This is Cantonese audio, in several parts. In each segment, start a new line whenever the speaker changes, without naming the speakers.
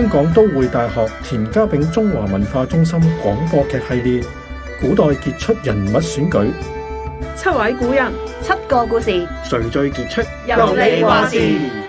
香港都會大學田家炳中華文化中心廣播劇系列《古代傑出人物選舉》，七位
古人，七個故事，
誰最傑出？由你話事。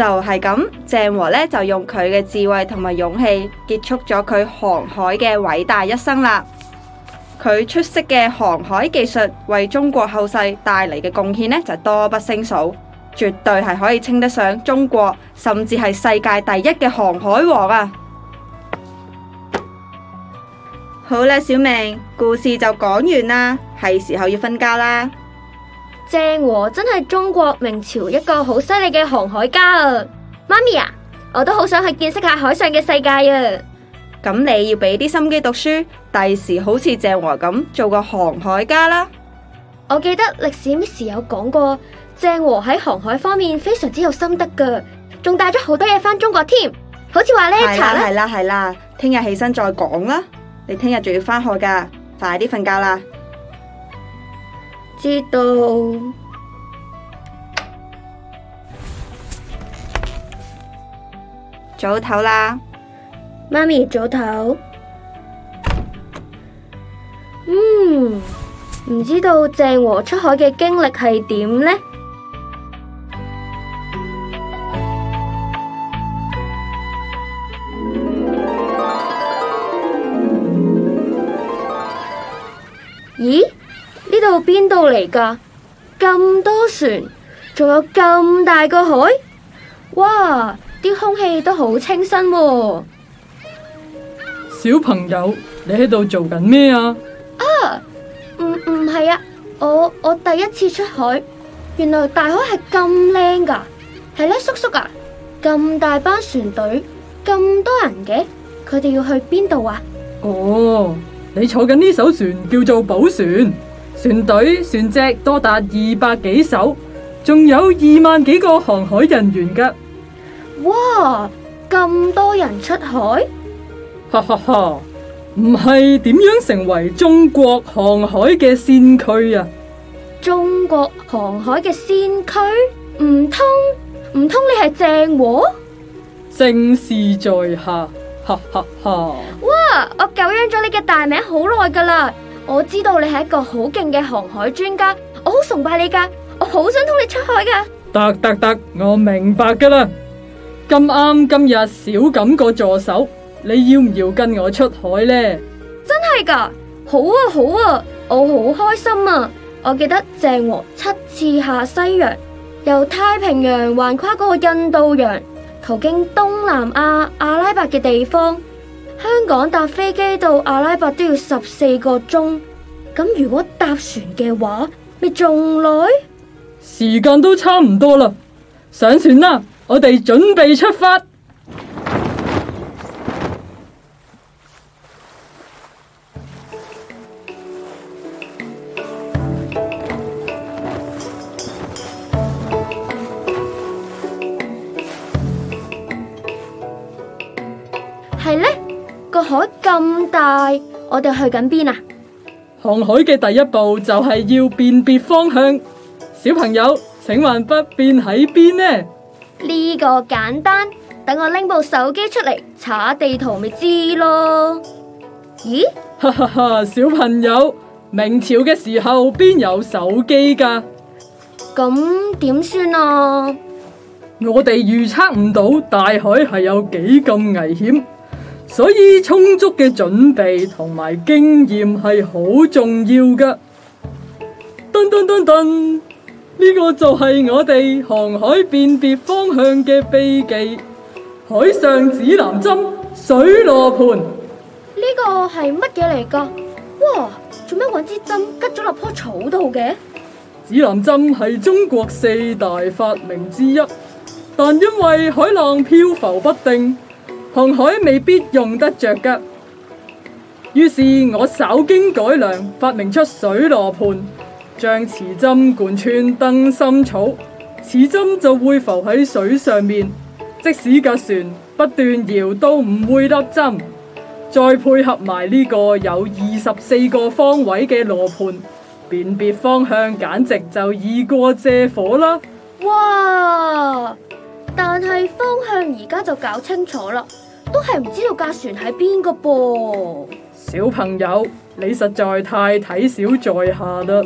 就係咁，鄭和咧就用佢嘅智慧同埋勇氣結束咗佢航海嘅偉大一生啦。佢出色嘅航海技術為中國後世帶嚟嘅貢獻呢，就多不勝數，絕對係可以稱得上中國，甚至係世界第一嘅航海王啊！好啦，小明，故事就講完啦，係時候要瞓覺啦。鄭和真係中國明朝一個好犀利嘅航海家啊！媽咪啊，我都好想去見識下海上嘅世界啊！咁你要俾啲心機讀書，第時好似鄭和咁做個航海家啦！我記得歷史 miss 有講過鄭和喺航海方面非常之有心得噶，仲帶咗好多嘢翻中國添，好似話呢查啦，係啦係啦，聽日、啊啊啊、起身再講啦，你聽日仲要翻學噶，快啲瞓覺啦！知道早唞啦，媽咪早唞。嗯，唔知道鄭和出海嘅經歷係點呢？咦？呢度邊度嚟噶？咁多船，仲有咁大個海，哇！啲空氣都好清新喎。
小朋友，你喺度做緊咩啊？
啊，唔唔係啊，我我第一次出海，原來大海係咁靚噶。係咧，叔叔啊，咁大班船隊，咁多人嘅，佢哋要去邊度啊？
哦，你坐緊呢艘船叫做寶船。船隊船隻多達二百幾艘，仲有二萬幾個航海人員噶。
哇，咁多人出海！
哈哈哈，唔係點樣成為中國航海嘅先驅啊？
中國航海嘅先驅，唔通唔通你係鄭和？
正是在下，
哈哈哈。哇，我久仰咗你嘅大名好耐噶啦！我知道你係一個好勁嘅航海專家，我好崇拜你㗎，我
好想同你出海㗎。得得得，我明白㗎啦。咁啱今日少咁個助手，你要唔要跟我出海呢？真係
㗎？好啊好啊，我好開心啊！我記得鄭和七次下西洋，由太平洋橫跨過印度洋，途經東南亞、阿拉伯嘅地方。香港搭飛機到阿拉伯都要十
四個鐘，咁如果搭船嘅話，咪仲耐？時間都差唔多啦，上船啦！我哋準備出發。
咁大，我哋去緊
邊啊？航海嘅第一步就係要辨別方向，小朋友，請問北邊喺邊呢？
呢個簡單，等我拎部手機出嚟查下地圖咪知咯。
咦？哈哈哈，小朋友，明朝嘅時候邊有手機㗎？咁點算啊？我哋預測唔到大海係有幾咁危險。所以充足嘅準備同埋經驗係好重要噶。噔噔噔噔，呢個就係我哋航海辨別方向嘅秘技——海上指南針、水羅盤。
呢個係乜嘢嚟噶？
哇，做咩揾支針吉咗落棵草度嘅？指南針係中國四大發明之一，但因為海浪漂浮不定。航海未必用得着㗎，於是我稍經改良，發明出水羅盤，將磁針貫穿燈芯草，磁針就會浮喺水上面，即使架船不斷搖都唔會粒針。再配合埋呢個有二十四個方位嘅羅盤，辨別方向簡直就易過借火啦！
哇！但係方向而家就搞清楚啦，都係唔知道架船喺邊個噃。
小朋友，你實在太睇小在下啦！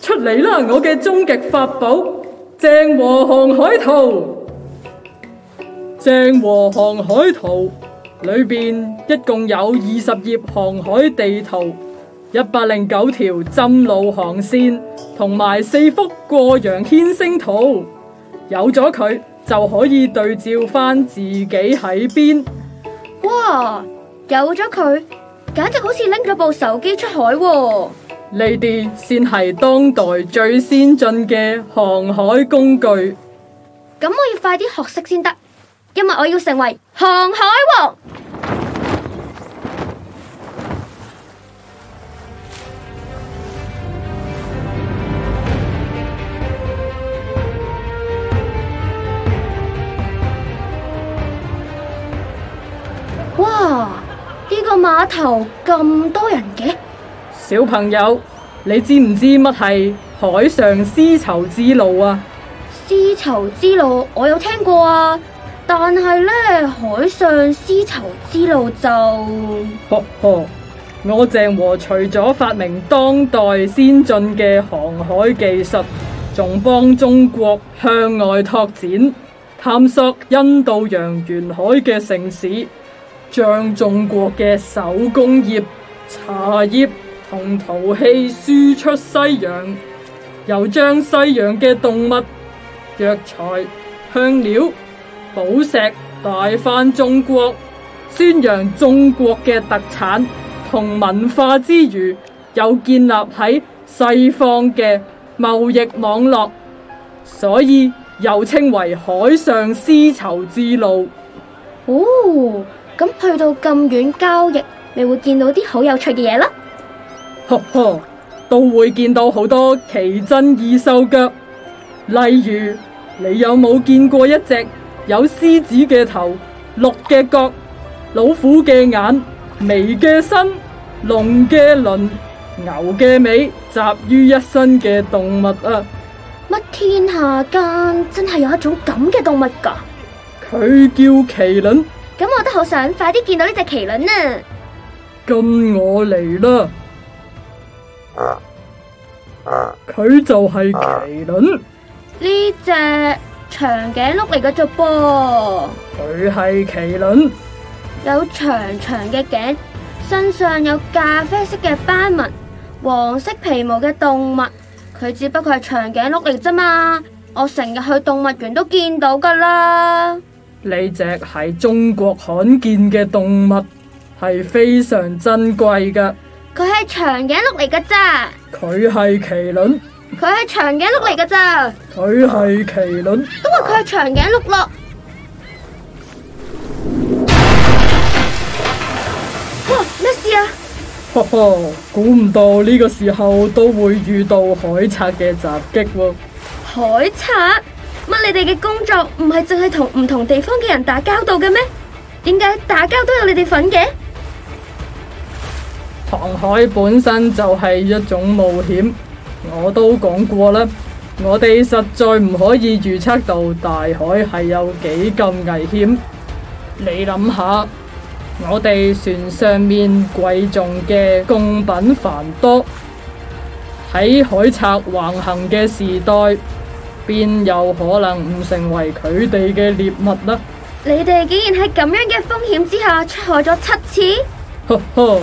出嚟啦，我嘅終極法寶，鄭和航海圖。鄭和航海圖裏邊一共有二十頁航海地圖、一百零九條針路航線，同埋四幅過洋牽星圖。有咗佢，就可以對照翻自己喺邊。
哇，有咗佢，簡直好似拎咗部手機出海喎！
呢啲先係當代最先進嘅航海工具。
咁我要快啲學識先得，因為我要成為航海王。碼頭咁多人
嘅，小朋友，你知唔知乜係海上絲綢之路啊？
絲綢之路我有聽過啊，但係呢海上絲綢之路就，
哦哦，我鄭和除咗發明當代先進嘅航海技術，仲幫中國向外拓展，探索印度洋沿海嘅城市。將中國嘅手工業、茶葉同陶器輸出西洋，又將西洋嘅動物、藥材、香料、寶石帶翻中國，宣揚中國嘅特產同文化之餘，又建立喺西方嘅貿易網絡，所以又稱為海上絲綢之路。
哦。咁去到咁遠交易，你會見到啲好有趣嘅嘢
啦。呵呵，都會見到好多奇珍異獸腳，例如你有冇見過一隻有獅子嘅頭、鹿嘅角、老虎嘅眼、眉嘅身、龍嘅鱗、牛嘅尾集於一身嘅動物啊？
乜天下間真係有一種咁嘅動物噶？啊？
佢叫麒麟。
咁我都好想快啲見到呢隻麒麟啊！
跟我嚟啦，佢就係麒麟。
呢隻、啊、長頸鹿嚟噶啫噃。
佢係麒麟，
有長長嘅頸，身上有咖啡色嘅斑紋，黃色皮毛嘅動物。佢只不過係長頸鹿嚟啫嘛。我成日去動物園都見到噶啦。
呢隻係中國罕見嘅動物，係非常珍貴噶。佢係長頸鹿嚟噶咋？佢係麒麟。佢係長頸鹿嚟噶咋？佢係麒麟。
都話佢係長頸鹿咯。
哇，咩事啊？哈哈，估唔到呢個時候都會遇到海賊嘅襲擊咯。
海賊？乜你哋嘅工作唔係淨係同唔同地方嘅人打交道嘅咩？點解打交都有你哋份嘅？
航海本身就係一種冒險，我都講過啦。我哋實在唔可以預測到大海係有幾咁危險。你諗下，我哋船上面貴重嘅貢品繁多，喺海賊橫行嘅時代，便有可能唔成為佢哋嘅獵物啦。你哋竟然喺咁樣嘅風險之下出海咗七次，呵呵，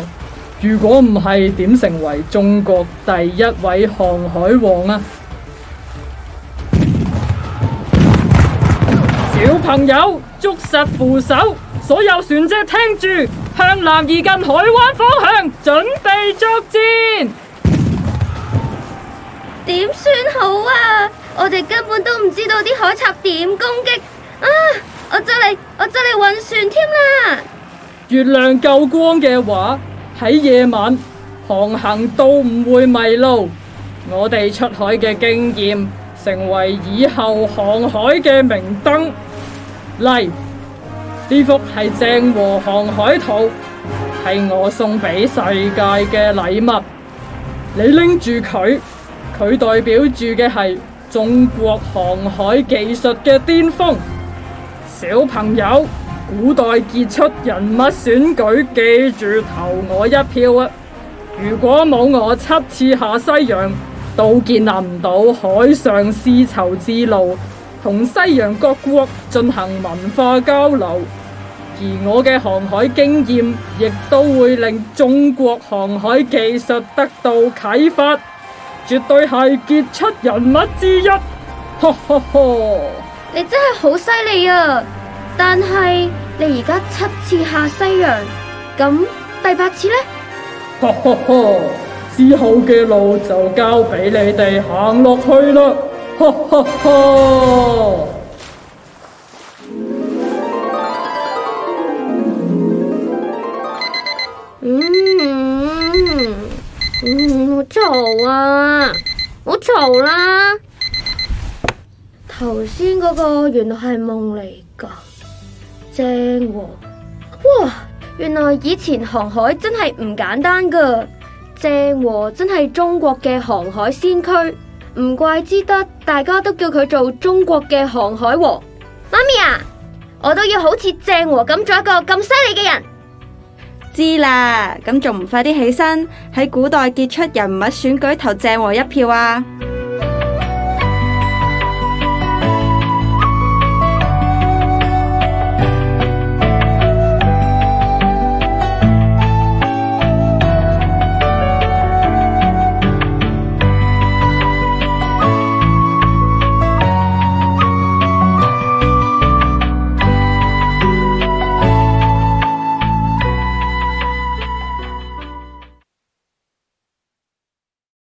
如果唔係，點成為中國第一位航海王啊？小朋友，捉實扶手，所有船隻聽住，向南移近海灣方向，準備作戰。點算好啊？
我哋根本都唔知道啲海賊點攻擊啊！我就嚟，我就嚟
暈船添啦。月亮夠光嘅話，喺夜晚航行都唔會迷路。我哋出海嘅經驗，成為以後航海嘅明燈。嚟，呢幅係鄭和航海圖，係我送俾世界嘅禮物。你拎住佢，佢代表住嘅係。中國航海技術嘅巔峰，小朋友，古代傑出人物選舉，記住投我一票啊！如果冇我七次下西洋，都建立唔到海上絲綢之路，同西洋各國進行文化交流，而我嘅航海經驗亦都會令中國航海技術得到啟發。絕對係傑出人物之一，
呵呵呵，你真係好犀利啊！但係你而家七次下西洋，咁第八次呢？
呵呵呵，之後嘅路就交俾你哋行落去啦，呵呵呵。
啦，頭先嗰個原來係夢嚟噶，鄭和哇，原來以前航海真係唔簡單噶，鄭和真係中國嘅航海先驅，唔怪之得大家都叫佢做中國嘅航海王。媽咪啊，我都要好似鄭和咁做一個咁犀利嘅人。知啦，咁仲唔快啲起身喺古代傑出人物選舉投鄭和一票啊！